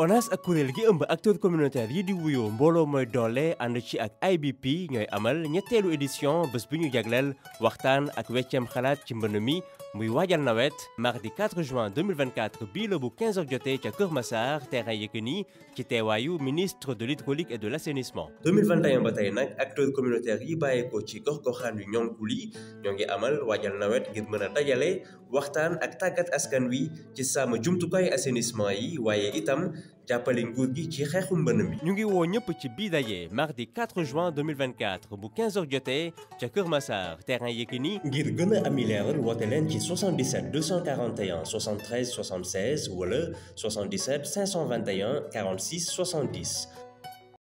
ONAS ak kuréel gi ëmb acteurs communautaires yi di wuyoo mbooloo mooy doole ànd ci ak ay IBP ñooy amal ñetteelu édition bés bi ñu jagleel waxtaan ak wecceem xalaat ci mbënn mi Muy Nawet, mardi 4 juin 2024, Bilobu 15 Biotech Kormassar, terrain Yekeni, était Wayou, ministre de l'hydraulique et de l'assainissement 2021 Bataïnak, acteur communautaire acteurs communautaires yi bàyyeekoo ci Kouli, goxaan amal Wajal nawet ngir Wartan, a Kat Askanwi, ak tàggat askan wi assainissement yi itam nous nguur gi ci mardi 4 juin 2024 bu 15h jotee Massar terrain Yekini, ngir gëna 77 241 73 76 ou le 77 521 46 70